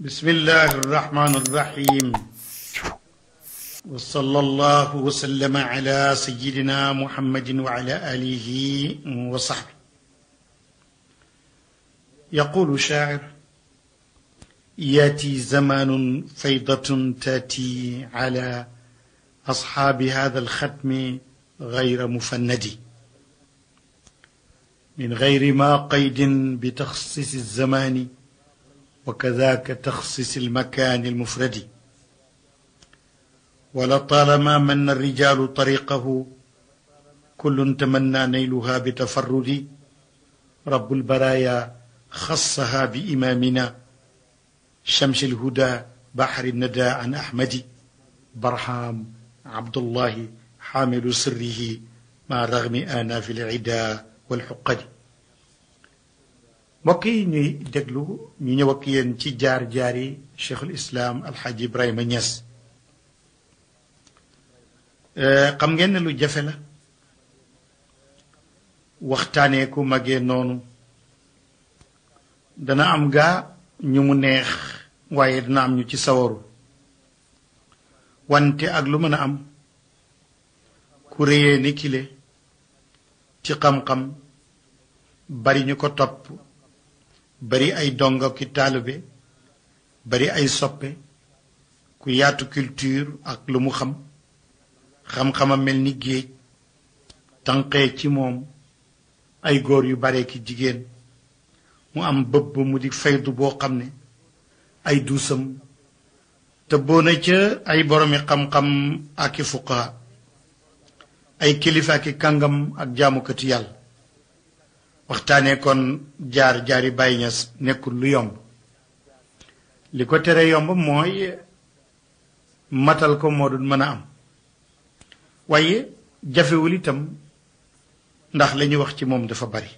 بسم الله الرحمن الرحيم وصلى الله وسلم على سيدنا محمد وعلى آله وصحبه يقول شاعر ياتي زمان فيضة تاتي على أصحاب هذا الختم غير مفند من غير ما قيد بتخصيص الزمان وكذاك تخصيص المكان المفرد ولطالما من الرجال طريقه كل تمنى نيلها بتفرد رب البرايا خصها بإمامنا شمس الهدى بحر الندى عن أحمد برحام عبد الله حامل سره مع رغم آناف العدا والحقد mbokk yi ñuy déglu ñu ñëw ak yéen ci jaar jaari cheikhul islaam alxaaji Ibrahima Niass eh, xam ngeen ne lu jafe la waxtaanee ku magee noonu dana am gaa ñu mu neex waaye dana am ñu ci sawaru wante ak lu mën a am ku réyee ni kile ci xam-xam bari ñu ko topp bari ay dongo ki taalibe bari ay soppe ku yaatu culture ak lu mu xam xam a mel ni géej tànqee ci moom ay góor yu bare ki jigéen mu am bëbb mu di faydu boo xam ne ay duusam te boona ca ay boromi xam-xam ak i fuqaa ay kilifa ki kàngam ak jaamukati yàlla waxtaanee kon jaar jaari Baye Niass nekkul lu yomb li ko tere yomb mooy matal ko moo dul mën a am waaye jafewul itam ndax la ñuy wax ci moom dafa bari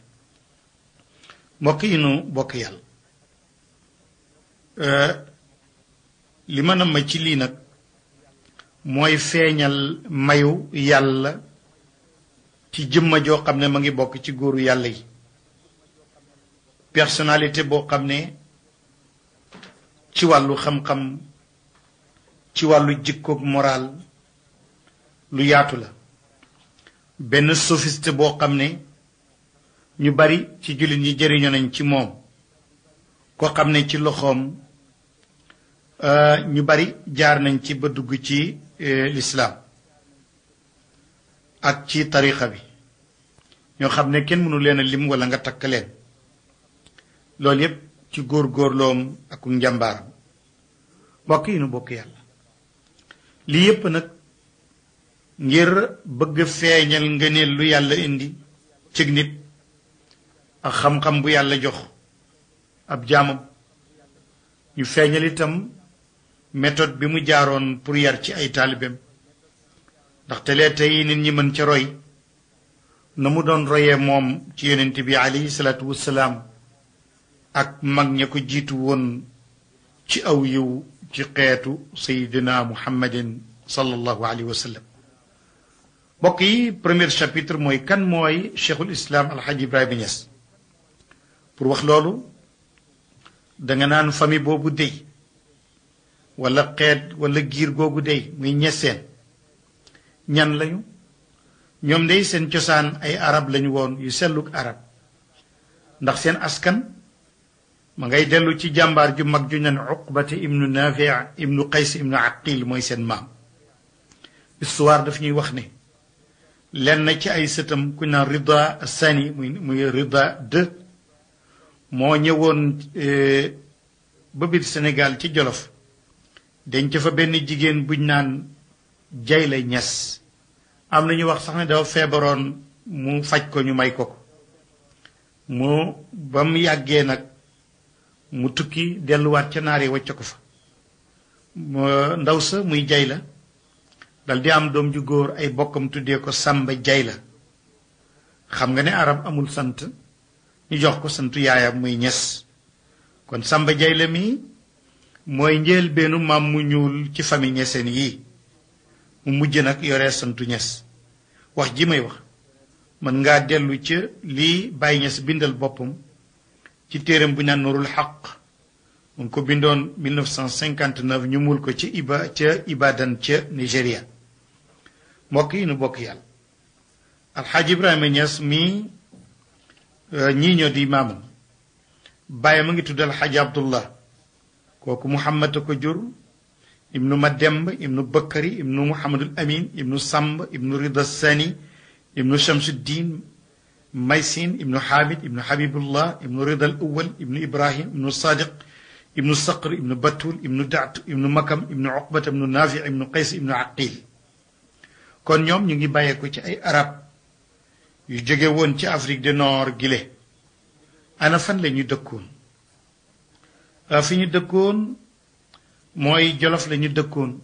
mbokk yi nu bokk yàlla euh, li mën a ma ci lii nag mooy feeñal mayu yàlla ci jëmma joo xam ne ma ngi bokk ci góoru yàlla yi personalité boo xam ne ci wàllu xam-xam ci wàllu jikkoog moral lu yaatu la benn sophiste boo xam ne ñu bari ci jullit yi jëriñoo nañ ci moom koo xam ne ci loxoom euh, ñu bari jaar nañ ci ba dugg ci euh, lislaam ak ci tarixa bi ñoo xam ne kenn mënu leen a lim wala nga takk leen loolu yépp ci góor góorloom ak njàmbaaram mbokk yi nu bokk yàlla lii yépp nag ngir bëgg feeñal ngëneel lu yàlla indi cig nit ak xam-xam bu yàlla jox ab jaamam ñu feeñal itam metod bi mu jaaroon pour yar ci ay taalibeem ndaxte lee tey nit ñi mën ca roy na mu doon royee moom ci yeneen bi alayhi salaatu wassalaam ak mag ña ko jiitu woon ci aw yiw ci xeetu sayidina muhammadin sallallahu alayhi wa sallam mbokk yi premier chapitre mooy kan mooy cheikhul islam alhaji ibrahima Niass pour wax loolu danga naan famille boobu dey wala xeet wala giir googu dey muy ñeseen ñan lañu ñoom dey seen cosaan ay arab lañu woon yu selluk arab ndax seen askan ma ngay dellu ci jàmbaar ju mag ju ñan uqbata ibnu nafi ibnu qays ibnu aqil mooy seen maam histoire daf ñuy wax ni lenn ci ay sëtam ku naan rida sani muy muy rida moo ñëwoon eh, ba biir Sénégal ci Jolof denc fa benn jigéen buñ naan jay la ñes am na ñu wax sax ne dafa feebaroon mu faj ko ñu may ko ko mu ba mu yàggee nag mu tukki delluwaat ca naaree wacce ko fa ndaw sa muy jay la dal di am doom ju góor ay bokkam tuddee ko sàmba jay la xam nga ni arab amul sant ñu jox ko santu yaayam muy ñes kon sàmba jay la mii mooy njël bennu maam mu ñuul ci famille ñeseen yii mu mujj nag yore santu ñes wax ji may wax mën ngaa dellu ca lii bàyyi ñes bindal boppam ci téeram bu ñaan naan Nuurul Xaq mu ngi ko bindoon 1959 ñu mul ko ca Iba Nigéria mbokk yi nu bokk yàlla alxaaji Ibrahima Niass mii euh, ñii ñoo di maamam bàyyi ma ngi tudd alxaaji Abdullah kooku Muhammad a ko jur ibnu Mademb ibnu Bakari ibnu Muhammadul Amin ibnu Samb ibnu Rida Sani ibnu Shamsuddin maysin ibnu xaamid ibnu xabibullah ibnu rida al awal ibrahim ibnu sadiq ibnu saqr ibnu batul ibnu daat ibnu makam ibnu oqbata ibnu naafi ibnu qays ibnu aqil kon ñoom ñu ngi bàyyeeku ci ay arab yu jóge woon ci afrique du nord gile ana fan la ñu dëkkoon ah, fi ñu dëkkoon mooy jolof la dëkkoon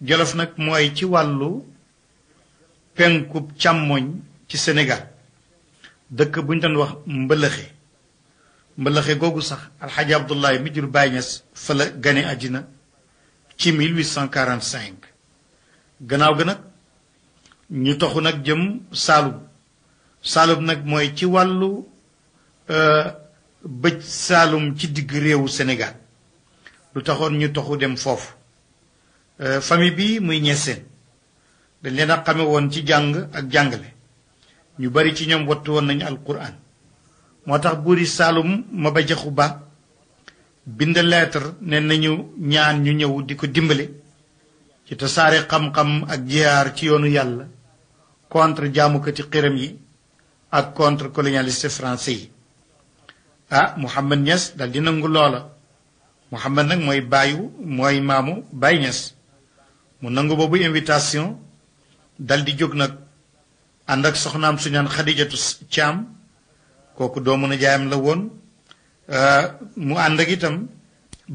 jolof nag mooy ci wàllu penkub càmmoñ ci sénégal dëkk bu ñu doon wax mbëlëxe mbëlëxe googu sax alxaaji abdullahi mi jur Baay Ñas fa gane àddina ci 1845 gannaaw ga nag ñu toxu nag jëm saalum saalum nag mooy ci wàllu euh, bëj saalum ci diggu réewu Sénégal lu taxoon ñu toxu dem foofu euh, famille bi muy ñeseen dañ leen a xame woon ci jàng ak jàngale ñu bari ci ñoom wattu woon nañu alquran moo tax buuri Saalum Maba Jaxu Ba bind lettre ne nañu ñaan ñu ñëw di ko dimbale ci tasaare xam-xam ak jihaar ci yoonu yàlla contre jaamukati xiram yi ak contre colonialiste français yi ah Mouhamad Niass dal di nangu loola Mouhamad nag mooy baayu mooy maamu Baay Niass mu nangu boobu invitation dal di jóg nag ànd ak soxnaam su ñaan xadijatu caam kooku doomu na jaayam la woon euh, mu ànd ak itam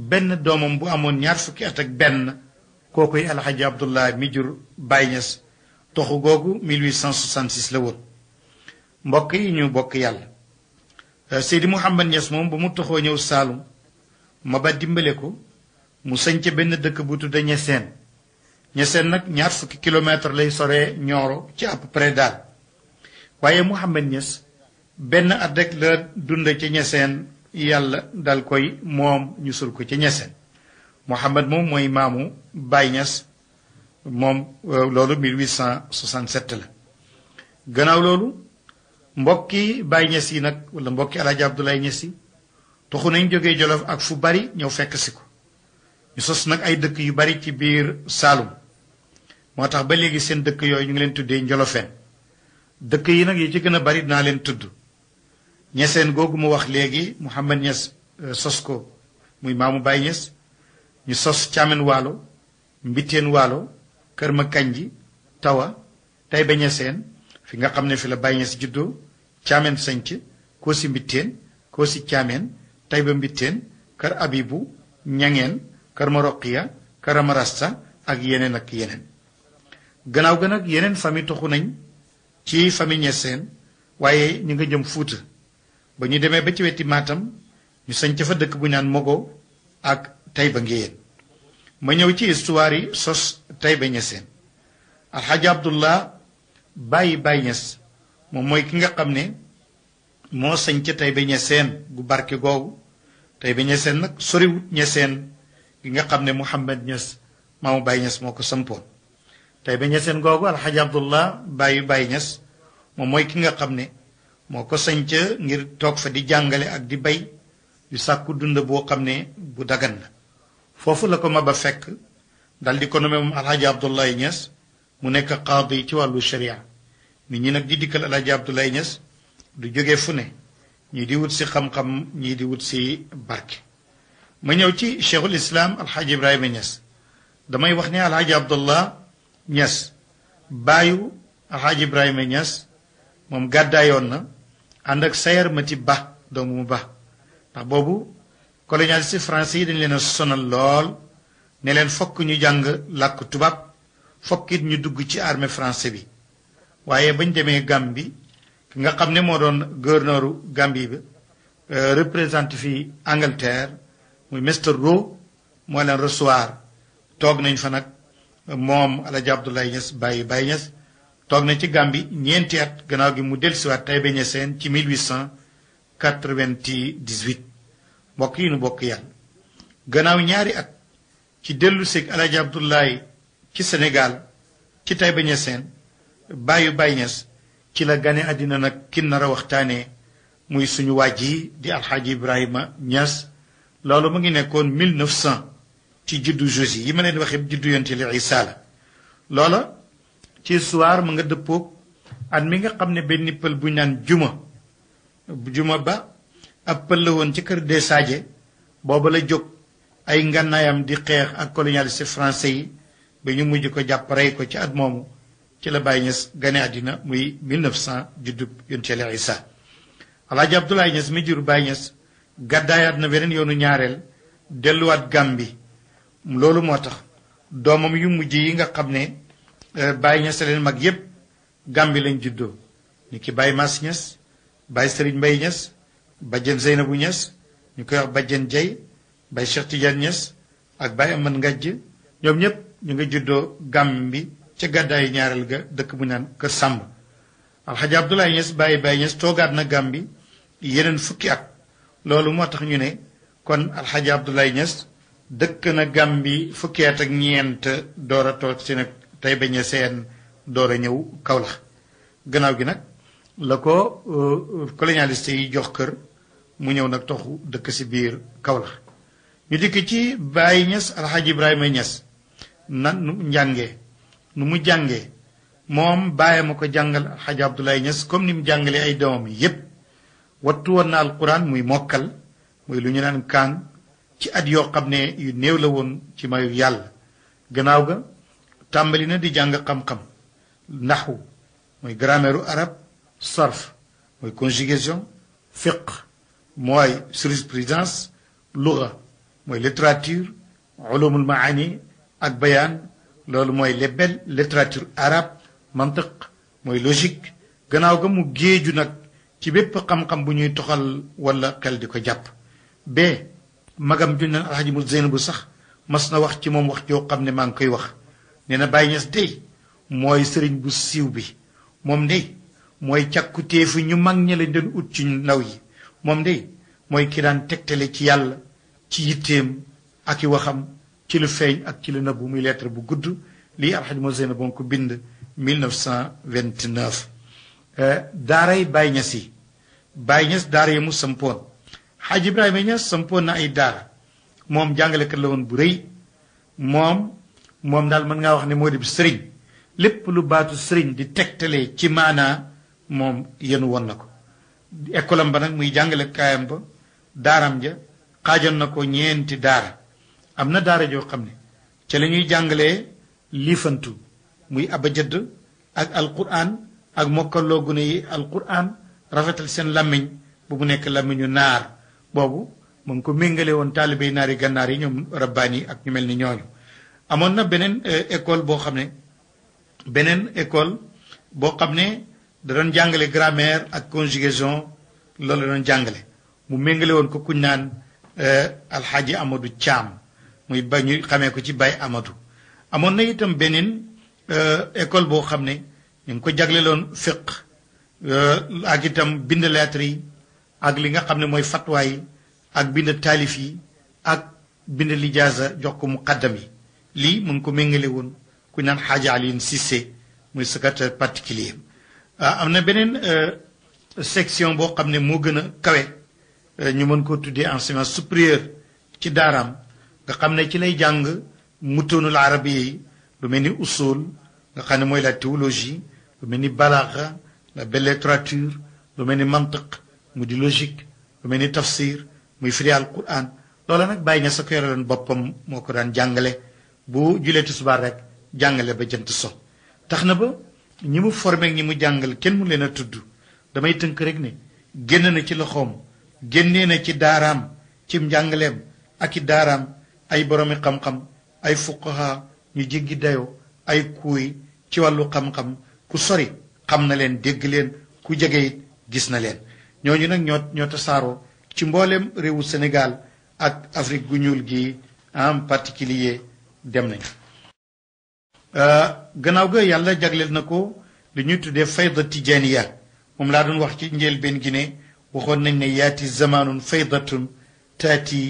benn doomam bu amoon ñaar fukki at ak benn kookuy alxaji abdullah mi jur Baay Ñas toxu googu 1866 la woon mbokk yi ñu bokk yàlla euh, Seydi Mouhamed Niass moom ba mu toxoo ñëw Saalum ma ba dimbale ko mu sañc benn dëkk bu tudda Ñaseen ña seen nag ñaar fukki kilomètre lay sore Nioro ci à peu daal waaye Mouhamed Niass benn at la dund ci ñeseen yàlla dal koy moom ñu sul ko ci ñeseen Mouhamed moom mooy maamu Baye Niass moom euh, loolu 1867 la gannaaw loolu mbokki Baye Niass yi nag wala mbokki El Hadj Abdoulaye Niass yi toxu nañ jóge Jolof ak fu bari ñëw fekk si ko ñu sos nag ay dëkk yu bari ci biir Saalum moo tax ba léegi seen dëkk yooyu ñu ngi leen tuddee njolofeen dëkk yi nag yi ci gën a bari naa leen tudd ñeseen googu mu wax léegi Mouhamed Niass euh, sos ko muy maamu Baye Niass ñu sos Caamen Waalo Mbitteen Waalo Kër Ma Kanji Tawa Tayba Ñeseen fi nga xam ne fi la Baye Niass juddoo Caamen Sanc Koosi Mbitteen Koosi Caamen Tayba Mbitteen Kër Abibu Ñangeen Kër Maroqiya Kër Amarasta ak yeneen ak yeneen gannaaw ga nag yeneen famille toxu nañ ci famille Niassène waaye ñu nga jëm Fuuta ba ñu demee ba ci weti Matam ñu sañ fa dëkk bu naan Mogo ak Taïba Ngéyeen ma ñëw ci histoire yi sos Taïba Niassène alxaaji Abdullah bàyyi bàyyi Niass moom mooy ki nga xam ne moo sañ ca Taïba Niassène gu barke googu Taïba Niassène nag soriwut Niassène gi nga xam ne Mouhamed Niass maamu Baye Niass moo ko sampoon tey ba ñeseen googu alxaji abdullah bàyyi bàyyi ñes moom mooy ki nga xam ne moo ko sañc ngir toog fa di jàngale ak di bay di sàkku dund boo xam ne bu dagan la foofu la ko ma ba fekk dal di ko nommé moom alxaji abdullah ñes mu nekk qaadi ci wàllu sharia nit ñi nag di dikkal alxaji abdullah ñes du jóge fu ne ñii di wut si xam-xam ñii di wut si barki ma ñëw ci cheikhul islam alxaji ibrahima ñes damay wax ne alxaji abdullah ñas baayu alxaaji ibrahima ñas moom gàddaayoon na ànd ak sayar mati ba doomu ba ndax boobu colonialiste français yi dañ leen a sonal lool ne leen fokk ñu jàng làkk tubaab fokk ñu dugg ci armée français bi waaye bañ demee Gambie ki nga xam ne moo doon gouverneuru Gambie bi euh, représenté fi Angleterre muy Mr Roe moo leen recevoir toog nañ fa nag moom Alaaji Abdoulaye Niass Baye Baye Niass toog na ci Gàmbi ñeenti at gannaaw gi mu dellusiwaat Taïba Niassène ci 1898 mbokk yi nu bokk yàlla gannaaw ñaari at ci dellu seeg Alaaji Abdoulaye ci senegaal ci Taïba Niassène baayu Baye ci la gane àddina nag kin nar a waxtaanee muy suñu waaj yi di Alxaaji Ibrahima Niass loolu mu ngi nekkoon 1900 ci juddu jusi yi ma leen waxee juddu yonte li Isa la loola ci soir ma nga dëppook at mi nga xam ne benn pël bu naan juma juma ba ab pël la woon ci kër des Sadie booba la jóg ay ngànnaayam di xeex ak colonialiste français yi ba ñu mujj ko jàpp rey ko ci at moomu ci la Baye Niass gane àddina muy 1900 juddub yonte li Isa Alaaji Abdoulaye Niass mi jur Baye Niass gàddaayaat na beneen yoonu ñaareel delluwaat Gàmbi loolu moo tax doomam yu mujj yi nga xam ne euh, Baye Niass leen mag yépp bi lañ juddoo ñu ki Baye Mass Niass Baye Serigne Mbaye Niass Badiane Zeynabu Niass ñu koy wax Badiane Diaye Baye Cheikh Tidiane Niass ak Baye Amane Ngajj ñoom ñëpp ñu nga juddoo bi ca gàddaayu ñaareel ga dëkk bu naan Kër Sàmb Alxaji Abdoulaye Niass Baye Baye Niass toogaat na bi yeneen fukki at loolu moo tax ñu ne kon Alxaji Abdoulaye ñas dëkk na Gàmbi bi at ak ñeent door a toog si nag tey bañ a seen door a ñëw Kaolack gannaaw gi nag la ko euh, colonialiste yi jox kër mu ñëw nag toxu dëkk si biir Kaolack ñu dikk ci Baye Niass Alhaji Ibrahima Niass nan nu njàngee nu mu jàngee moom Baye ma ko jàngal Alhaji Abdoulaye Niass comme ni mu jàngalee ay doomam yépp wattu woon na alquran muy mokkal muy lu ñu naan kaan ci at yoo xam ne yu néew la woon ci mayu yàlla gannaaw ga tàmbali na di jàng xam-xam naxu mooy grammaire arab sarf mooy conjugation fiqh moy jurisprudence luga mooy littérature ulumul maani ak bayaan loolu mooy lebel littérature arabe mantiq mooy logique gannaaw ga mu géeju nag ci bépp xam-xam bu ñuy toxal wala xel di ko jàpp magam juñ naan alxaji mu Zeynabu sax mas na wax ci moom wax joo xam ne maa ngi koy wax nee na Baye Niass dey mooy sëriñ bu siiw bi moom dey mooy càkkutéefu ñu mag ña lañ doon ut ci ndaw yi moom dey mooy ki daan tegtale ci yàlla ci yitteem ak i waxam ci lu feeñ ak ci lu nëbbu muy lettre bu gudd lii alxaji mu Zeynabu bon ko bind 1929 eh, daaray Baye Niass yi Baye Niass daara yi mu sampoon xaaj Ibrahima Niass sampoon na ay daara moom jàngalekat la woon bu rëy moom moom daal mën ngaa wax ni moo di sëriñ lépp lu baatu sëriñ di tegtalee ci maanaa moom yenu won na ko école ba nag muy jàngale kaayam ba daaram ja xaajoon na ko ñeenti daara am na daara joo xam ne ca la ñuy jàngalee liifantu muy aba jëdd ak alquran ak mokkaloo gune yi alquran rafetal seen làmmiñ bu mu nekk làmmiñu naar boobu mu ngi ko méngale woon taalibey naari gànnaar yi ñoom rabbaani yi ak ñu mel ni ñooñu amoon na beneen euh, école boo xam ne beneen école boo xam ne da jàngale grammaire ak conjugaison loolu la jàngale mu méngale woon ko kuñ naan euh, alxaaji Amadou Thiam muy ba ñu xamee ko ci Baye Amadou amoon na itam beneen euh, école boo xam ne ñu ngi ko jagleloon fiq ak itam bind lettre yi ak li nga xam ne mooy fatwa ak bind taalif yi ak bind lijaasa jox ko muqaddam yi lii mu ngi ko méngale woon ku naan xaaja Alioune Cissé muy secrétaire particulier am ah, na beneen euh, section boo xam ne moo gën a kawe euh, ñu mën koo tuddee enseignement supérieur ci daaraam nga xam ne ci lay jàng mutoonul arabiya yi lu mel ni usul nga xam ne mooy la théologie lu mel ni balaaxa la belle littérature lu mel ni mantiq mu di logique lu mel ni tafsir muy firi alquran loola nag bàyyi ña sa ko yore leen boppam moo ko daan jàngale bu julee tisbaar rek jàngale ba jant so tax na ba ñi mu formé ñi mu jàngal kenn mu leen a tudd damay tënk rek ne génn na ci loxoom génnee na ci daaraam ci njàngaleem ak i daaraam ay boroomi xam-xam ay fuqaha ñu jéggi dayoo ay kuuy ci wàllu xam-xam ku sori xam na leen dégg leen ku jege it gis na leen ñooñu nag ñoo ñoo tasaaroo ci mbooleem réewu Sénégal ak Afrique gu ñuul gi en particulier dem nañ euh, gannaaw ga yàlla jagleel na ko lu ñuy tuddee fayda tijaniya moom laa doon wax ci njëlbéen gi ne waxoon nañ ne yaati zamanun faydatun taati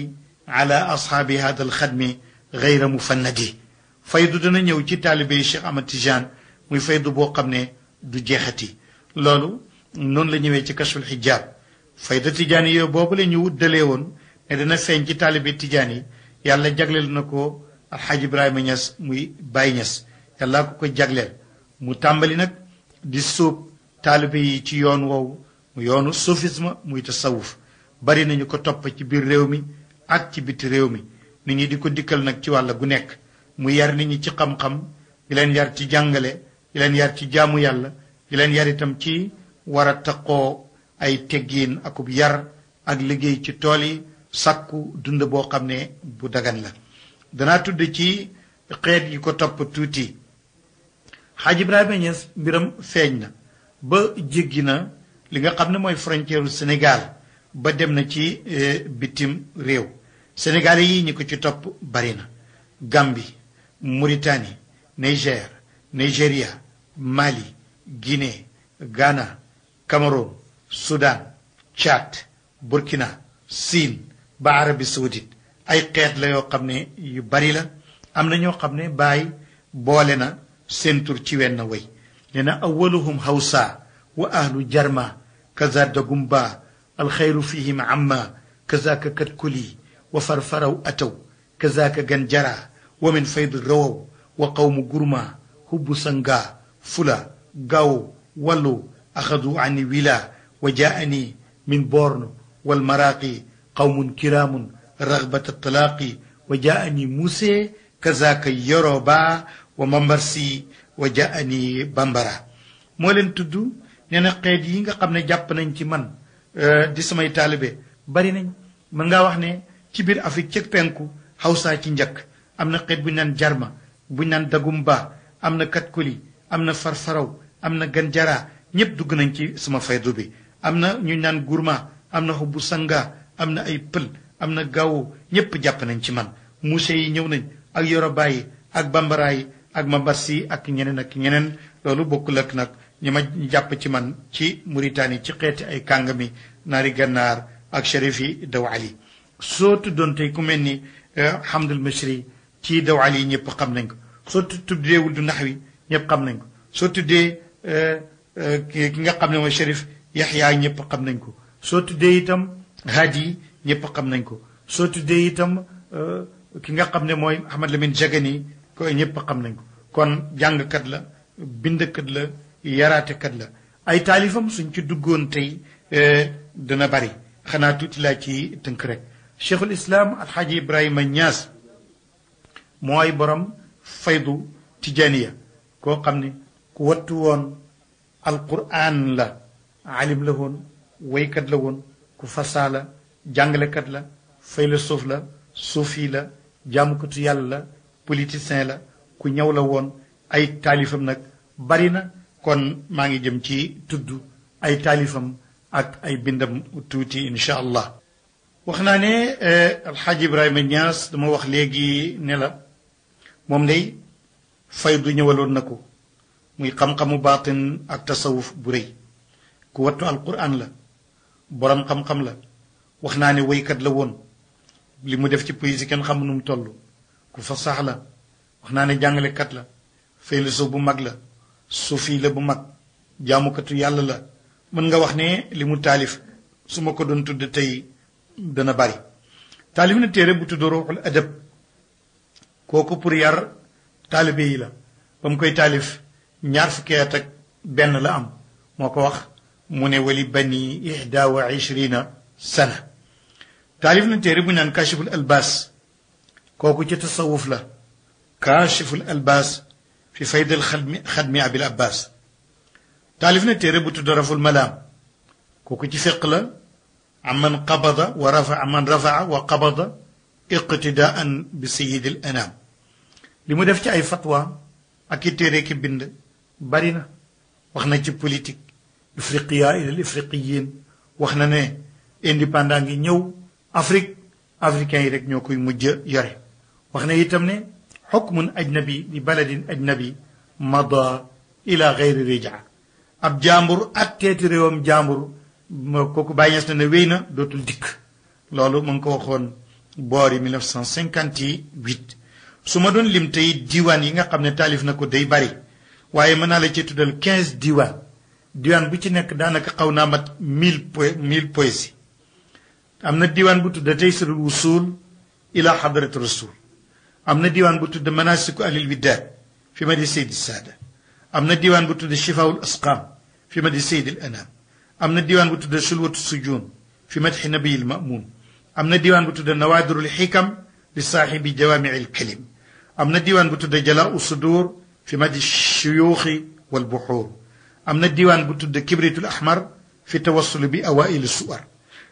ala ashaabi hada alxadmi gayra mufannadi faydu dana ñëw ci taalibe yi Cheikh Ahmad Tijaan muy faydu boo xam ne du jeexati loolu noonu la ñëwee ci kashful xijaab fayda tijaan yooyu boobu la ñu wuddalee woon ne dina feeñ ci taalibe tijaan yi yàlla jagleel na ko alxaaj ibrahima ñas muy baay ñas yàlla ko ko jagleel mu tàmbali nag di sóob taalibe yi ci yoon woowu mu yoonu sufisme muy tasawuf bari nañu ko topp ci biir réew mi ak ci biti réew mi nit ñi di ko dikkal nag ci wàll gu nekk mu yar nit ñi ci xam-xam di leen yar ci jàngale di leen yar ci jàmm yàlla di leen yar itam ci war a taqoo ay teggiin akub yar ak liggéey ci tool yi sàkku dund boo xam ne bu dagan la danaa tudd ci xeet yi ko topp tuuti xaaj Ibrahima Niass mbiram feeñ na ba jéggi na li nga xam ne mooy frontière Sénégal ba dem na ci eh, bitim réew Sénégalais yi ñi ko ci topp bari na Gambie Mauritanie Niger Nigeria Mali Guinée Ghana Cameroun Soudan Tchad Burkina Siin ba Arabie Saoudite ay xeet la yoo xam ne yu bari la am na ñoo xam ne Baay boole na seen tur ci wenn way nee na awaluhum hawsa wa ahlu jarma kazada gumba alxayru fihim amma kazaka katkuli wa farfaraw ataw kazaka ganjara wa min fayd rawaw wa qawmu gurma hubbu sanga fula gaw wallu axadu ani wila wa jaani min borne walmaraaqi qawmun kiraamun ragbata talaaqi wa jaani muse kazaka yoroba wa mambarsi wa jaani bambara moo leen tudd nee na xeet yi nga xam ne jàpp nañ ci man euh, di samay taalibe bari nañ mën ngaa wax ne ci biir Afrique ci penku Hausa ci njëkk am na xeet bu ñu naan jarma bu ñu naan dagumba am na katkuli am na farfaraw am na ganjara ñëpp dugg nañ ci sama faydu bi am na ñu naan gourma am na xubbu sanga am na ay pël am na gaawu ñëpp jàpp nañ ci man muuse yi ñëw nañ ak yorobaa yi ak bambara yi ak mabas yi ak ñeneen ak ñeneen loolu bokkul ak nag ñi ma jàpp ci man ci Mauritanie ci xeeti ay kàngami naari gannaar ak shérif yi daw ali soo tuddoon tey ku mel ni eh, Hamdul Mashri ci daw ali yi ñëpp xam nañ ko soo tuddeewul du nax wi ñëpp xam nañ soo tuddee eh, ki ki nga xam ne mooy Cherif Yaxya ñëpp xam nañ ko soo tuddee itam Hadi ñëpp xam nañ ko soo tuddee itam euh, ki nga xam ne mooy Ahmad Lamine Jagani ko ñëpp xam nañ ko kon jàngkat la bindkat la yaraatekat la ay taalifam suñ ci duggoon tey euh, dana bari xanaa tuuti la ci tënk rek cheikhul islam alxaaji ibrahima ñaas mooy borom faydu tijaaniya koo xam ne ku wattu woon alquran la alim la woon waykat la woon ku fasaa la jàngalekat la philosophe la suufi la jaamukatu yàlla la politicien la ku ñëw la woon ay taalifam nag bari na kon maa ngi jëm ci tudd ay taalifam ak ay bindam tuuti incha allah wax naa ne eh, alxaaji ibrahima Niass dama wax léegi ne la moom day fay du ñëwaloon na ko muy xam-xamu baatin ak tasawuf bu rëy ku wattu alquran la borom xam-xam la wax naa ne woykat la woon li mu def ci poésie kenn xam nu mu toll ku fasaax la wax naa ne jàngalekat la philosophe bu mag la sufi la bu mag jaamukatu yàlla la mën nga wax ne li mu taalif su ma ko doon tudd tey dana bari taalif na téere bu tudd ruuxul adab kooku pour yar taalibe la ba koy taalif ñaar fukki at benn la am moo ko wax mu ne wali bani ihda wa ishrina sana taalif na téere bu naan kaashiful albaas kooku ci tasawuf la kaashiful albaas fi faydal xadmi xadmi abil taalif na téere bu tudd raful malaam kooku ci fiq la amman qabada wa rafa amman rafaa wa qabada iqtidaan bi sayidil anaam li mu def ci ay fatwa ak i ki bind bari na wax na ci politique ifriqiya ilal ifriqiyin wax na ne indépendant ngi ñëw Afrique africains yi rek ñoo koy mujj yore wax na itam ne xukmun ajnabi li baladin ajnabi mada ila gayri rija ab jàmbur ak teeti réewam jàmbur kooku bàyyees na ne wéy na dootul dikk loolu mu ngi ko waxoon boori 1958 su ma doon lim tey diiwaan yi nga xam ne taalif na ko day bari waaye mën naa la ci tuddal quinze diwaan diwaan bu ci nekk daanaka xaw naa mat mille po mille poésie am na diwaan bu tudd taysiirul wusuul ila xadrati rasul am na diwaan bu tudd manasiku alil widaad fi ma di seydi saada am na diwaan bu tudd shifaawul asqaam fi ma di seydil anaam am na diwaan bu tudd sulwatu sujuun fi madxi nabiyil mamuun am na diwaan bu tudd nawaadirul xikam li saaxibi jawaamiil kalim am na diwaan bu tudd jalaa u sudur fi madi shuyuuxi wal buxuur am na diiwaan bu tudd kibritul ahmar fi tawassul bi awaa'il suwar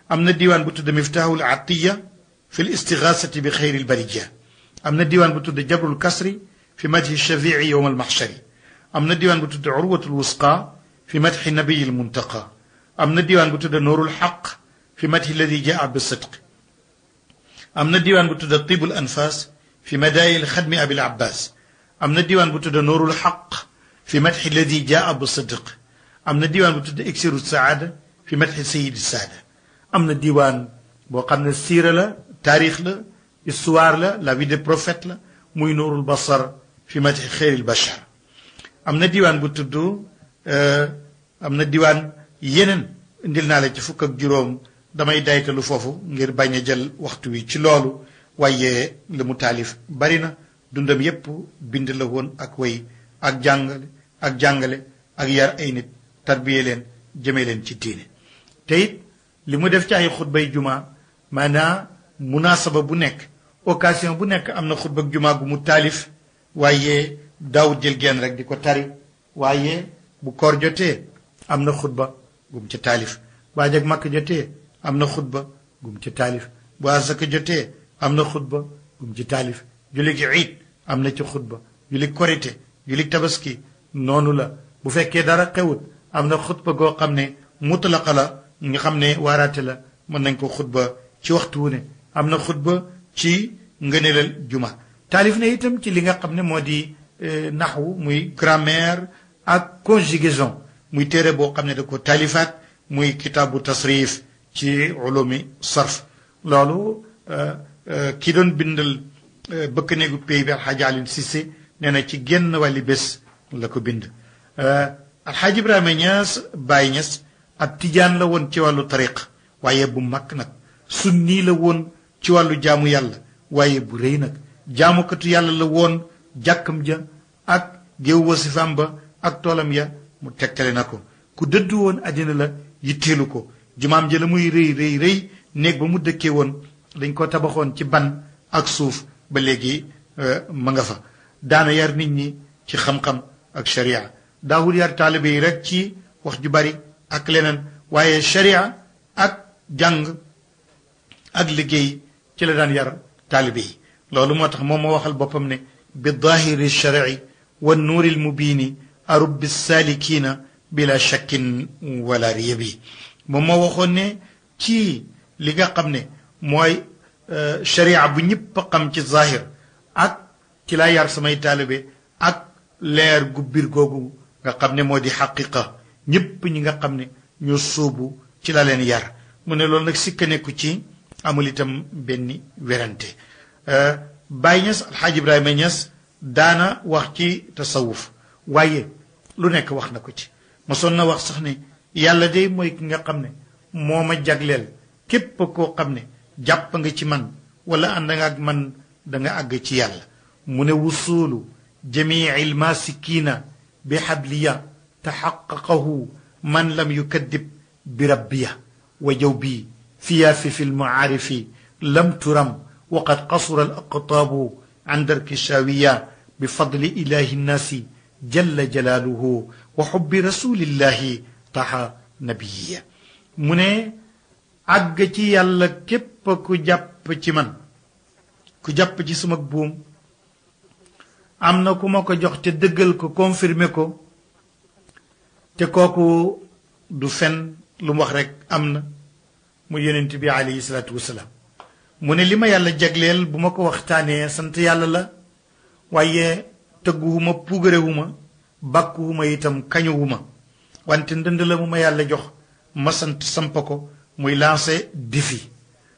am na diiwaan bu tudd miftaahul atiya fi l istigaasati bi xayril barija am na diiwaan bu tudd jabrul kasri fi madhi shafii yowm almaxshari am na diiwaan bu tudd urwatul wusqa fi madhi nabiyil muntaqa am na diiwaan bu tudd nuurul xaq fi madhi alladi jaa bi sidq am na diiwaan bu tudd tibul anfas fi madaayil xadmi abil abbas am na diwaan bu tudd Nuurul Xaq fi madxi alladi jaa bi sidq am na diwaan bu tudd Iksiru Saada fi madxi Sayidi Saada am na diwaan boo xam ne siira la taarix la histoire la la vie des prophètes la muy Nuurul Basar fi madxi xeyril bachar am na diwaan bu tudd eh, am na diwaan yeneen indil naa la ci fukk ak juróom damay daytalu foofu ngir bañ a jël waxtu wi ci loolu waaye li mu taalif bari na dundam yépp bind la woon ak way ak jàngale ak jàngale ak yar ay nit tarbiye leen jëme leen ci diine te li mu def ci ay xutbay juma maanaa munaasaba bu nekk occasion bu nekk am na xutba juma gu mu taalif waaye daawut jël genn rek di ko tari waaye bu koor jotee am na xutba ci taalif bu ajak makk jotee am na xutba gum ci taalif bu asaka jotee am na xutba gum ci taalif julli gi iid am na ci xutba julli korite julli tabaski noonu la bu fekkee dara xewut am na xutba goo xam ne mutlaqa la nga xam ne waaraate la mën nañ ko xutba ci waxtu wu ne am na xutba ci ngëneelal juma taalif na itam ci li nga xam ne moo di eh, naxwu muy grammaire ak conjugaison muy téere boo xam ne da ko taalifaat muy kitaabu tasrif ci ulumi sarf loolu eh, eh, ki doon bindal Euh, bëkk néegu pays bi alxaaji Alioune Cissé nee na ci genn wàlli bés la ko bind euh, alxaaji Ibrahima Niass Baye Niass ab tijaan la woon ci wàllu tariq waaye bu mag nag sunni la woon ci wàllu jaamu yàlla waaye bu rëy nag jaamukatu yàlla la woon jàkkam ja ak géew wasifaam ba ak toolam ya mu tegtale na ko ku dëddu woon àddina la yitteelu ko jumaam ja la muy rëy rëy rëy néeg ba mu dëkkee woon dañ ko tabaxoon ci ban ak suuf ba léegi euh, ma nga fa daana yar nit ñi ci xam-xam ak sharia daawul yar taalibe yi rek ci wax ju bari ak leneen waaye sharia ak jàng ak liggéey ci la daan yar taalibe yi loolu moo tax moom moo waxal boppam ne bi daahiri sharci wa nuuri lmubiini arub bi saalikiina bila shakkin wala riyabi moom moo waxoon ne ci li nga xam ne mooy Euh, sharia bu ñëpp xam ci zahir ak ci laa yar samay taalibe ak leer gu biir googu nga xam ne moo di xaqiqa ñëpp ñi nga xam ne ñu suubu ci la leen yar mu ne loolu nag sikka nekku ci amul itam benn werante euh, Baye Niass Alxaaj Ibrahima Niass daana wax ci tasawuf waaye lu nekk wax na ko ci mosoon na wax sax ne yàlla de mooy ki nga xam ne moo ma jagleel képp koo xam ne jàpp nga ci man wala ànd nga ak man da nga àgg ci yàlla mu ne wusuulu jamii almaasikiina bi xabliya taxaqaqahu man lam yukaddib bi rabbiya wa jaw bii fiyaafi fi lmucaarifi lam turam waqad qasura alaqtaabu an darki shaawiya bi fadli ilaahi nnaasi jalla jalaaluhu wa xubbi rasulillahi taxa nabiyiya mu ne àgg ci yàlla képp ku jàpp ci man ku jàpp ci suma buum am na ku ma ko jox te dëggal ko confirmer ko te kooku du fen lu mu wax rekk am na mu yonent bi alayhi salaatu wasalaam mu ne li ma yàlla jagleel bu ma ko waxtaanee sant yàlla la waaye tëgguwuma puugarewuma bàkkuwuma itam kañuwuma wante ndënd la mu ma yàlla jox ma sant samp ko muy lancé défi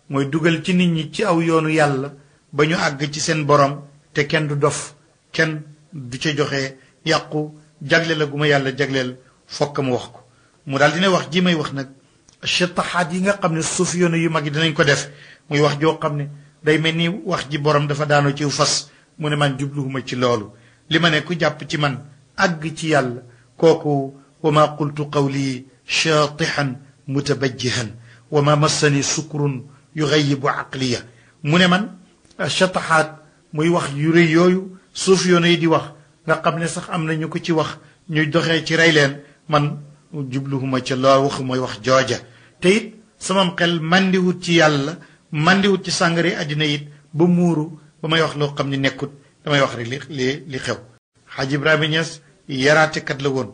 mooy dugal ci nit ñi ci aw yoonu yàlla ba ñu àgg ci seen borom te kenn du dof kenn du ca joxe yàqu jagleel la yàlla jagleel fokk mu wax ko mu daal dina wax ji may wax nag chetaxaat yi nga xam ne suuf yoonu yu mag yi danañ ko def muy wax joo xam ne day mel ni wax ji borom dafa daanoo ci fas mu ne man jubluwuma ci loolu li ma ne ku jàpp ci man àgg ci yàlla kooku wa ma qultu qawli chatixan mutabajjihan wa ma massani sukurun yugayibu aqliya mu ne man shataxaat muy wax yu rëy yooyu suuf yoon yi di wax nga xam ne sax am na ñu ko ci wax ñuy doxee ci rey leen man jubluhuma ca lool waxu mooy wax jooja te sama samam xel mandiwut ci yàlla mandiwut ci sàngari àddina it ba muuru ba may wax loo xam ne nekkut damay wax rek li li li xew xaaj Ibrahima Niass yaraatekat la woon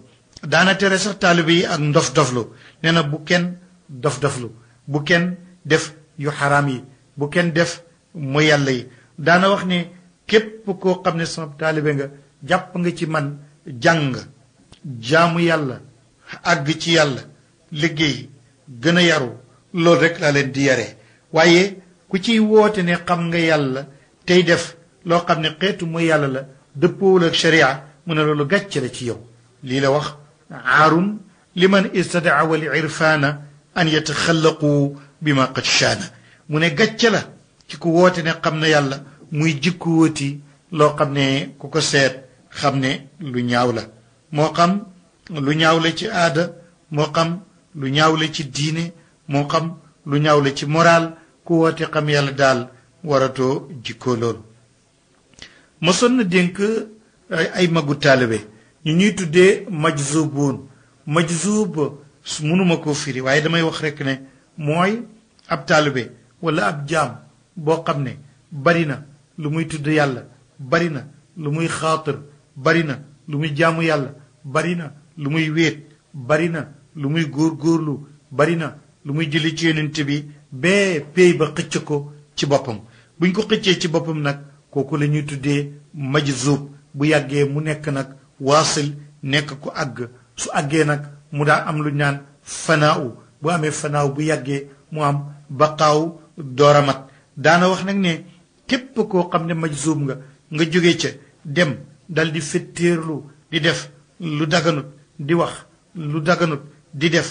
daana tere sax taalibe yi ak ndof doflu nee na bu kenn dof doflu bu kenn def yu xaraam yi bu kenn def mooy yàlla yi daana wax ne képp koo xam ne sama taalibe nga jàpp nga ci man jàng jaamu yàlla àgg ci yàlla liggéey gën a yaru loolu rek laa leen di yare waaye ku ciy woote ne xam nga yàlla tey def loo xam ne xeetu mooy yàlla la dëppoowul ak sharia mu ne loolu gàcce la ci yow lii la wax aarun liman istadaa wal irfaana an yataxallaqu bi ma qad shaana mu ne gàcce la ci ku woote ne xam na yàlla muy jikkuwati loo xam ne ku ko seet xam ne lu ñaaw la moo xam lu ñaaw la ci aada moo xam lu ñaaw la ci diine moo xam lu ñaaw la ci moral ku woote xam yàlla daal waratoo jikkoo loolu mosoon na dénk ay magu taalibe ñu ñuy tuddee majzubuun majzub su mënuma ko firi waaye damay wax rekk ne mooy ab taalibe walla ab jaam boo xam ne bari na lu muy tudd yàlla bari na lu muy xaatir bari na lu muy jaamu yàlla bari na lu muy wéet bari na lu muy góorgóorlu bari na lu muy jëli ci yonent bi bee pay ba xëcc ko ci boppam buñ ko xëccee ci boppam nag kooku la ñuy tuddee majzuub bu yàggee mu nekk nag waasil nekk ko àgg su àggee nag mu daa am lu ñaan fanaaw bu amee fanaaw bu yàggee mu am ba door a mat daana wax nag ne képp koo xam ne majzuum nga nga jóge ca dem dal di fettéerlu di def lu daganut di wax lu daganut di def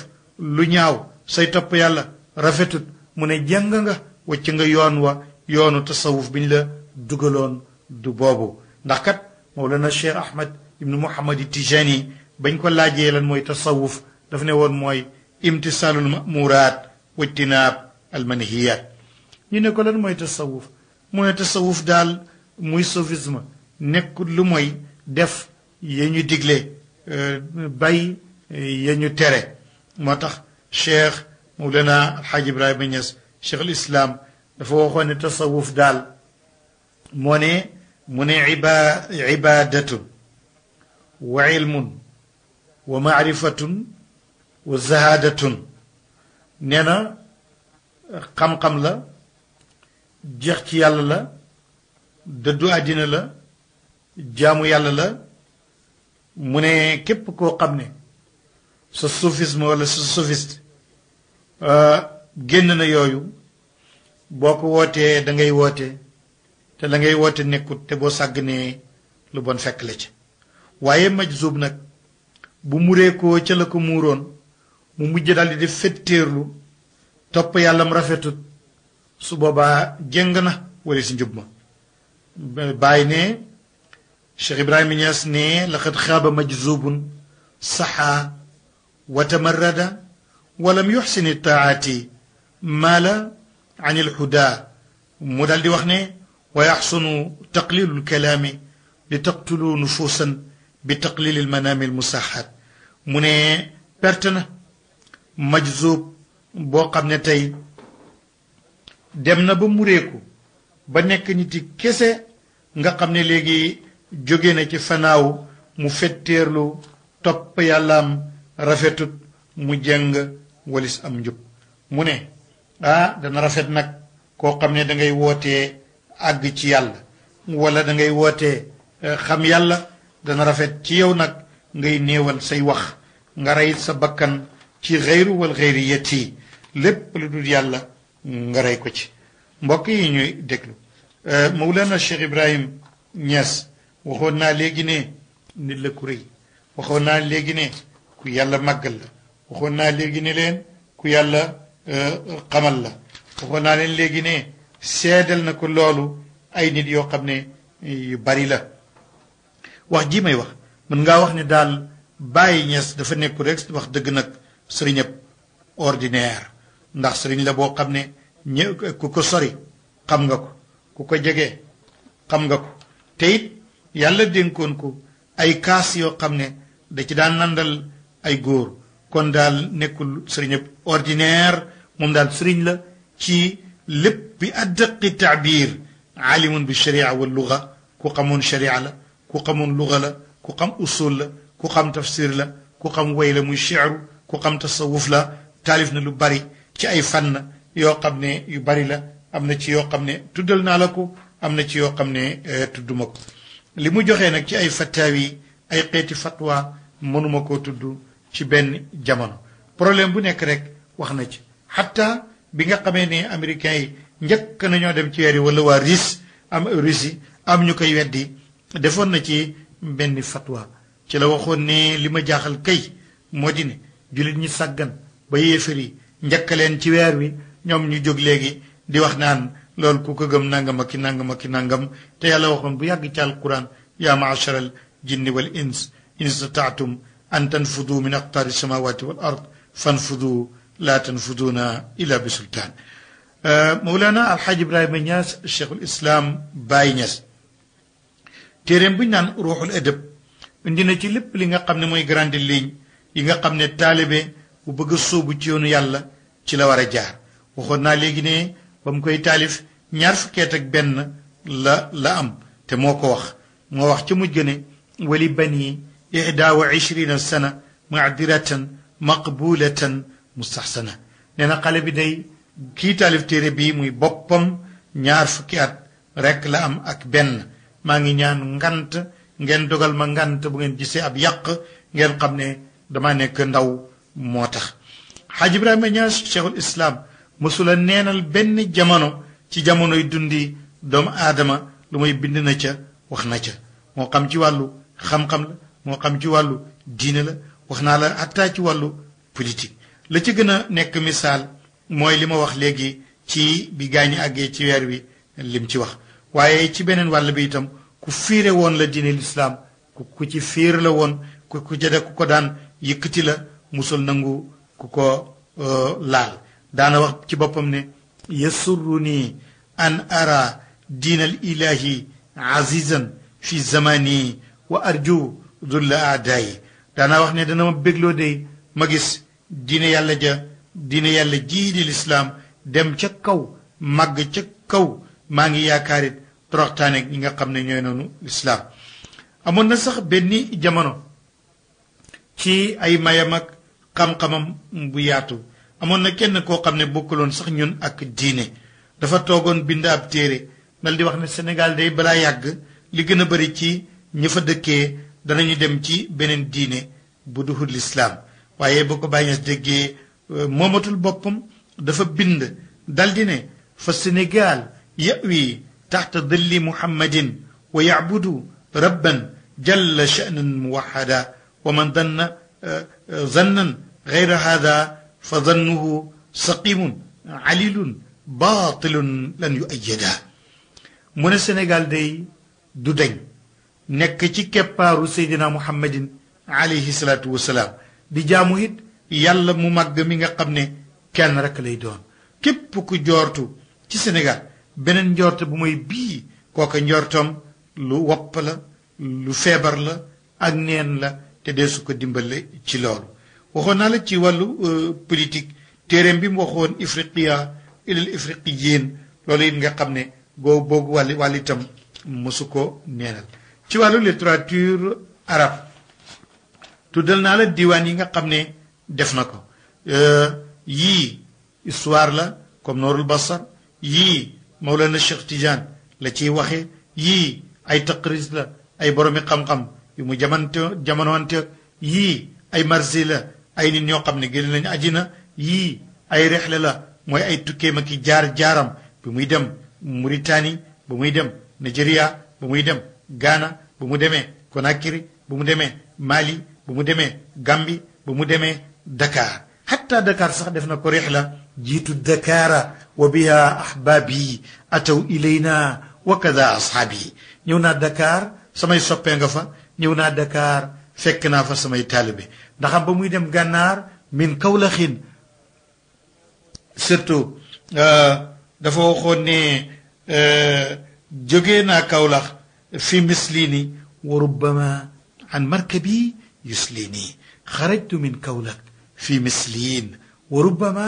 lu ñaaw say topp yàlla rafetut mu ne jàng nga wacc nga yoon wa yoonu tasawuf bi ñu la dugaloon du boobu ndax kat Mawlana Cheikh Ahmad ibnu Muhammad Tijani bañ ko laajee lan mooy tasawuf daf ne woon mooy imtisaalul mamuraat wajtinaab almanhiyaat ñu ne ko lan mooy tasawuf moo ne tasawuf daal muy ma nekkul lu moy def ya ñu digle euh, bay ya ñu tere moo tax cheikh Mawlana Alxaaj Ibrahima Ñas cheikh al islam dafa waxoon ne tasawuf daal moo ne mu ne iba ibadatun wa ilmun wa maarifatun wa zahaadatun nee na xam-xam la jeex ci yàlla la dëddu àddina la jaamu yàlla la mu ne képp koo xam ne sa soufisme wala sa sophiste euh, génn na yooyu boo ko wootee da ngay woote te la ngay woote nekkut te boo sàgg ne lu bon fekk la ci waaye majzub nag bu mureekoo ca la ko muuroon mu mujj dal di fetteerlu topp yàllam rafetut su boobaa jéng na wala si njub ma bàyyi ne Cheikh Ibrahima Niass ne laqad xaaba majzubun saxaa wa tamarrada walam yuxsini taati maala an ilhuda mu daal di wax ne wa yaxsunu taqlilu lkalaami li taqtulu nufuusan bi taqlilil manaamil musaxaat mu ne perte na majzuub boo xam ne tey dem na ba mureeku ba nekk nit yi kese nga xam ne léegi jóge na ci fanaaw mu fetteerlu topp yàllaam rafetut mu jàng walis am njub mu ne ah dana rafet nag koo xam ne da ngay wootee àgg ci yàlla wala da ngay eh, xam yàlla dana rafet ci yow nag ngay néewal say wax nga sa bakkan ci xeyru wal xeyri yetti lépp lu dul yàlla nga ko ci mbokk yi ñuy déglu euh, Mawlana Cheikh Ibrahim ñees waxoon naa léegi ne nit la ku waxoon naa léegi ne ku yàlla màggal la waxoon naa léegi ne leen ku yàlla euh, xamal la waxoon naa leen léegi ne seedal na ko loolu ay nit yoo xam ne yu bari la wax ji may wax mën ngaa wax ne daal Baye Niass dafa nekkul rek wax dëgg nag sëriñab ordinaire ndax sëriñ la boo xam ne ñë ku ko sori xam nga ko ku ko jege xam nga ko te it yàlla dénkoon ko ay kaas yoo xam ne da ci daan nandal ay góor kon daal nekkul sëriñab ordinaire moom daal sëriñ la ci lépp bi addaqi taabir aalimun bi sharia wa luga ku xamoon sharia la ku xamoon luga la ku xam usul la ku xam tafsir la ku xam woy la muy cheru ku xam tasawuf la taalif na lu bari ci ay fan fànn yoo xam ne yu bari la am na ci yoo xam ne tuddal naa la ko am na ci yoo xam ne euh, tudduma ko li mu joxee nag ci ay fataawi ay xeeti fatwa mënuma ko tudd ci benn jamono problème bu nekk rek wax na ci xatta bi nga xamee ne américains yi njëkk nañoo dem ci weer yi wala waa Russie am Russie am ñu koy weddi defoon na ci benn fatwa ci la waxoon ni li ma jaaxal kay moo di ne jullit ñi sàggan ba yéefar yi leen ci weer wi ñoom ñu jóg léegi di wax naan loolu ku ko gëm nangam ak ki nangam ak ki nangam te yàlla waxoon bu yàgg ci alquran yaa maacharal jinni wal ins in istataatum an tanfudu min aqtaari samawati wal ard fanfudu laa tanfuduuna illa bi sultaan euh, mawlana alxaaj ibrahima ñaas cheikhul islam baay ñas téeréem bu ñu naan ruuxul ëdëb indi na ci lépp li nga xam ne mooy grande ligne yi nga xam ne taalibe bu bëgg a sóobu ci yoonu yàlla ci la war a jaar waxoon naa léegi ne ba koy taalif ñaar fukkeet ak benn la la am te moo ko wax moo wax ca mujj ne wali bani ixda wa ishrina sana maadiratan maqbulatan mustaxsana nee na xale bi day kii taalif téere bii muy boppam ñaar fukki at rekk la am ak benn maa ngi ñaan ngant ngeen dogal ma ngant bu ngeen gisee ab yàq ngeen xam ne dama nekk ndaw moo tax xaaj ibrahima ñaas cheikhul islam mosula neenal benn jamono ci jamonoy dundi doomu aadama lu muy bind na ca wax na ca moo xam ci wàllu xam-xam la moo xam ci wàllu diine la wax naa la attaa ci wàllu politique la ci gën a nekk misaal mooy li ma wax léegi ci bi gaañu àggee ci weer wi lim ci wax waaye ci beneen wàll bi itam ku fiire woon la diine lislaam ku ku ci fiir la woon ku ku jade ku ko daan yëkkati la musul nangu ku ko euh, laal daana wax ci boppam ne yasurruni an ara diina al ilahi azizan fi zamani wa arju dulla aadaayi daanaa wax ne dana ma bégloo de ma gis diine yàlla ja diine yàlla jii di lislaam dem ca kaw màgg ca kaw maa ngi yaakaar it toroxtaaneeg ñi nga xam ne ñooy noonu lislaam amoon na sax benn jamono ci ay mayam ak xam-xamam bu yaatu amoon na kenn koo xam ne bokkuloon sax ñun ak diine dafa toogoon bind ab téere dal di wax ne senegal day balaa yàgg li gën a bari ci ñi fa dëkkee danañu dem ci beneen diine bu duhul lislaam waaye boo ko bàyyi déggee euh, moomatul boppam dafa bind dal di ne fa Sénégal يأوي تحت ظل محمد ويعبد ربا جل شأنا موحدا ومن ظن ظنا غير هذا فظنه سقيم عليل باطل لن يؤيدا mu ne Sénégal day du dañ nekk ci keppaaru seydina muhammadin alayhi salaatu wasalaam di jaamu it yàlla mu màgg mi nga xam ne kenn rekk lay doon képp ku joortu ci Sénégal beneen njort bu mooy bii kooka njortam lu wopp la lu feebar la ak neen la te dee su ko dimbale ci loolu waxoon naa la ci wàllu euh, politique téeréem bi mu waxoon ifriqiya ilal ifriqiyin loolu it nga xam ne boo boobu wàll wàll itam ko neenal ci wàllu littérature arabe tuddal naa diwaan yi nga xam ne def na ko euh, yii histoire la comme noorul basar yii Mawlana Cheikh Tidiane la ciy waxe yii ay taqris la ay boromi xam-xam yu mu jamante jamonowante yii ay marsi la ay nit ñoo xam ne génn nañu ajina yii ay rexle la mooy ay tukkeem ak jaar jaaram bi muy dem Mauritanie bu muy dem Nigeria bu muy dem Ghana bu mu demee Conakry bu mu demee Mali bu mu demee Gambie bu mu demee Dakar hatta Dakar sax def na ko rexla jiitu Dakara وبها أحبابي أتوا إلينا وكذا أصحابي ñëw naa Dakar samay soppee nga fa ñëw naa Dakar fekk naa fa samay taalibe ndax ba muy dem gànnaar min kawlaxin surtout dafa waxoon ne jógee naa kawlax fi mislini wa rubbama an markabi yuslini xarajtu min kawlax fi mislin wa rubbama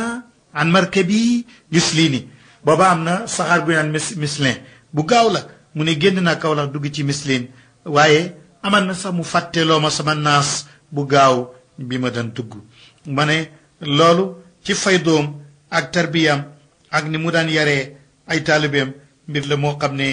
an markabi yuslini booba am na saxaar bu naan mislin bu gaaw la mu ne génn naa kaw la dugg ci mislin waaye aman na sax mu fàtteloo ma sama naas bu gaaw bi ma daan dugg ma loolu ci faydoom ak tarbiyam ak ni mu daan yaree ay taalibeem mbir la moo xam ne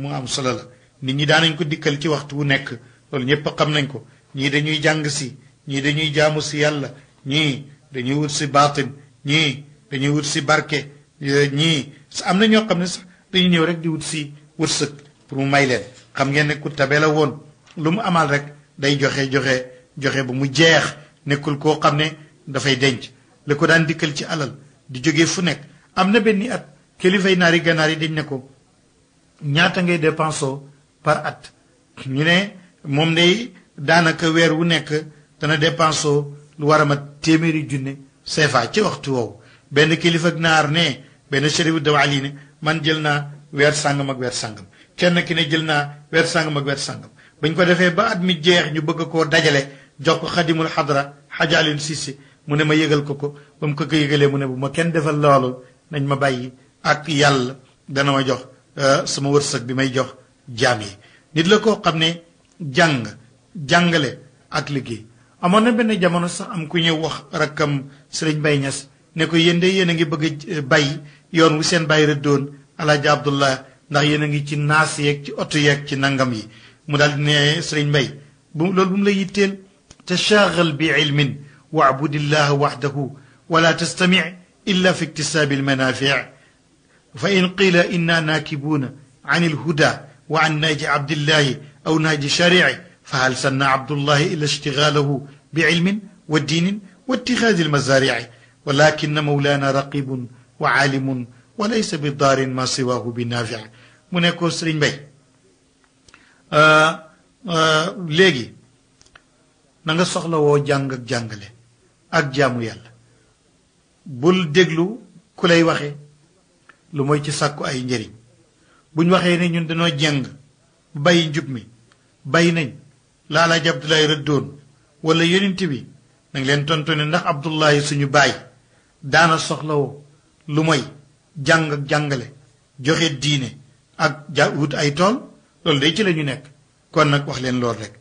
mu am solo la nit ñi daanañ ko dikkal ci waxtu wu nekk loolu ñëpp xam nañ ko ñii dañuy jàng si ñii dañuy jaamu si yàlla ñii dañuy wut si baatin ñii dañuy wut si barke ñii am na ñoo xam ne sax dañuy ñëw rek di wut si wërsëg pour mu may leen xam ngeen nekkul ku tabe la woon lu mu amal rek day joxe joxe joxe ba mu jeex nekkul koo xam ne dafay denc la ko daan dikkal ci alal di jóge fu nekk am na benn at kilifay naari ganaar yi dañ ne ko ñaata ngay dépensé par at ñu ne moom day daanaka weer wu nekk dana dépensé lu war a mat téeméeri junne CFA ci waxtu woowu benn kilifa ak naar ne benn chérif daw ali ne man jël naa weer sàngam ak weer sàngam kenn ki ne jël naa weer sàngam ak weer sàngam bañ ko defee ba at mi jeex ñu bëgg koo dajale jox ko xadimul xadra xajaalin sisi mu ne ma yëgal ko ko ba mu ko yëgalee mu ne bu ma kenn defal loolu nañ ma bàyyi ak yàlla dana ma jox euh, sama wërsëg bi may jox jaam yi nit la koo xam ne jàng jàngale ak liggéey amoon na benn jamono sax am ku ñëw wax rakkam sëriñ Baye Niass ne ko yéen de yéen a ngi bëgg a eh, bay yoon wu seen bàyyi rëddoon alaaji abdullah ndax yéen a ngi ci naas yeeg ci oto yeeg ci nangam yi mu daal di ne sëriñ mbay bu loolu bu mu la yitteel tashaagal bi ilmin waabudillah waxdahu wala tastamic illa fi iktisaabi almanaafic fa in qila inna naakibuuna an ilhuda wa an naaji abdillahi aw naaji sharici fa hal sanna abdullahi illa ishtigaalahu bi ilmin wa diinin wa ittihaadi almazaarici walakin mawlaana raqibun wa aalimun wa laysa bi daarin ma siwaahu bi naafi mu ne ko sëriñ Mbay léegi na nga soxla woo jàng ak jàngale ak jaamu yàlla bul déglu ku lay waxe lu mooy ci sàkku ay njëriñ ñu waxee ne ñun dañoo jàng bàyyi njub mi bàyyi nañ laalaaji Abdullahi rëddoon wala yonent bi nang leen tontu ne ndax Abdullahi suñu baay daana soxlawoo lu mooy jàng jàngale joxe diine ak ja wut ay tool loolu day ci la ñu nekk kon nag wax leen lool rek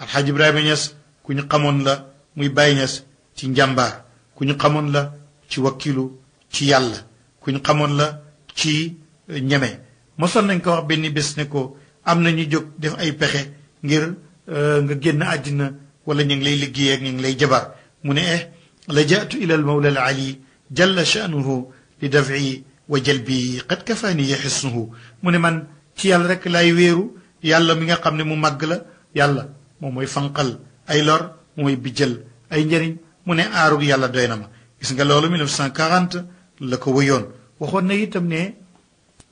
alxaaj ibrahima ñes ku ñu xamoon la muy bàyyi ci njàmbaar ku ñu xamoon la ci wakkilu ci yàlla ku ñu xamoon la ci eh, ñeme mosoon nañ ko wax benn bés ne ko am na ñu jóg def ay pexe ngir eh, nga génn àddina walla ñu ngi lay liggéey ñu ngi lay jabar mu ne eh لجأت إلى المولى العلي جل شأنه لدفعي وجلبي قد كفاني حسنه mu ne man ci yàlla rek lay wéeru yàlla mi nga xam ne mu màgg la yàlla moom mooy fanqal ay lor mooy bijjal ay njëriñ mu ne aarug yàlla doy na ma gis nga loolu 1940 la ko wëyoon waxoon na itam ne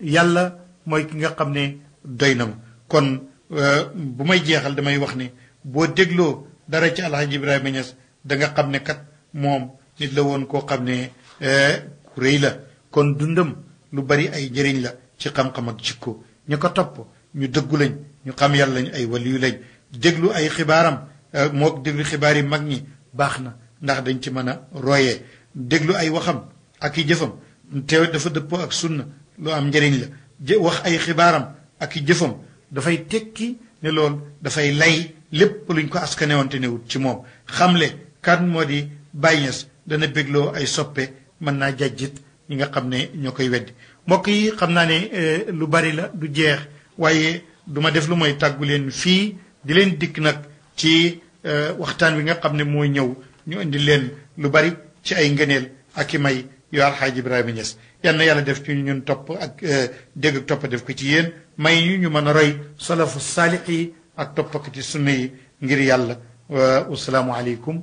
yàlla mooy ki nga xam ne doy na ma kon euh, bu may jeexal damay wax ne boo dégloo dara ci alxaaji Ibrahima Niass da nga xam ne kat moom nit la woon koo xam ne eh, ku rëy la kon dundam lu bari ay njëriñ la ci xam-xam ak jikko ñu ko topp ñu dëggu lañ ñu xam yàlla lañ ay waliyu lañ déglu ay xibaaram eh, moo déglu xibaar yi mag ñi baax na ndax dañ ci mën a royee déglu ay waxam ak i jëfam teew dafa dëppoo ak sunna lu am njëriñ la wax ay xibaaram ak i jëfam dafay tekki ne loolu dafay lay lépp luñ ko askane woon te newut ci moom xamle kan moo di Baye Niass dana bégloo ay soppe mën naa jajjit ñi nga xam ne ñoo koy wedd mbokk yi xam naa ne euh, lu bari la du jeex waaye duma def lu moy tàggu leen fii di leen dikk nag ci euh, waxtaan wi nga xam ne mooy ñëw ñu indi leen lu bari ci ay ngëneel ak i may yoo alxaaji Ibrahima Niass yal na yàlla def ci ñun topp ak euh, dégg ak topp may ñu ñu mën a roy salafu saalix yi ak topp ko ci yi ngir yàlla wasalaamu aleykum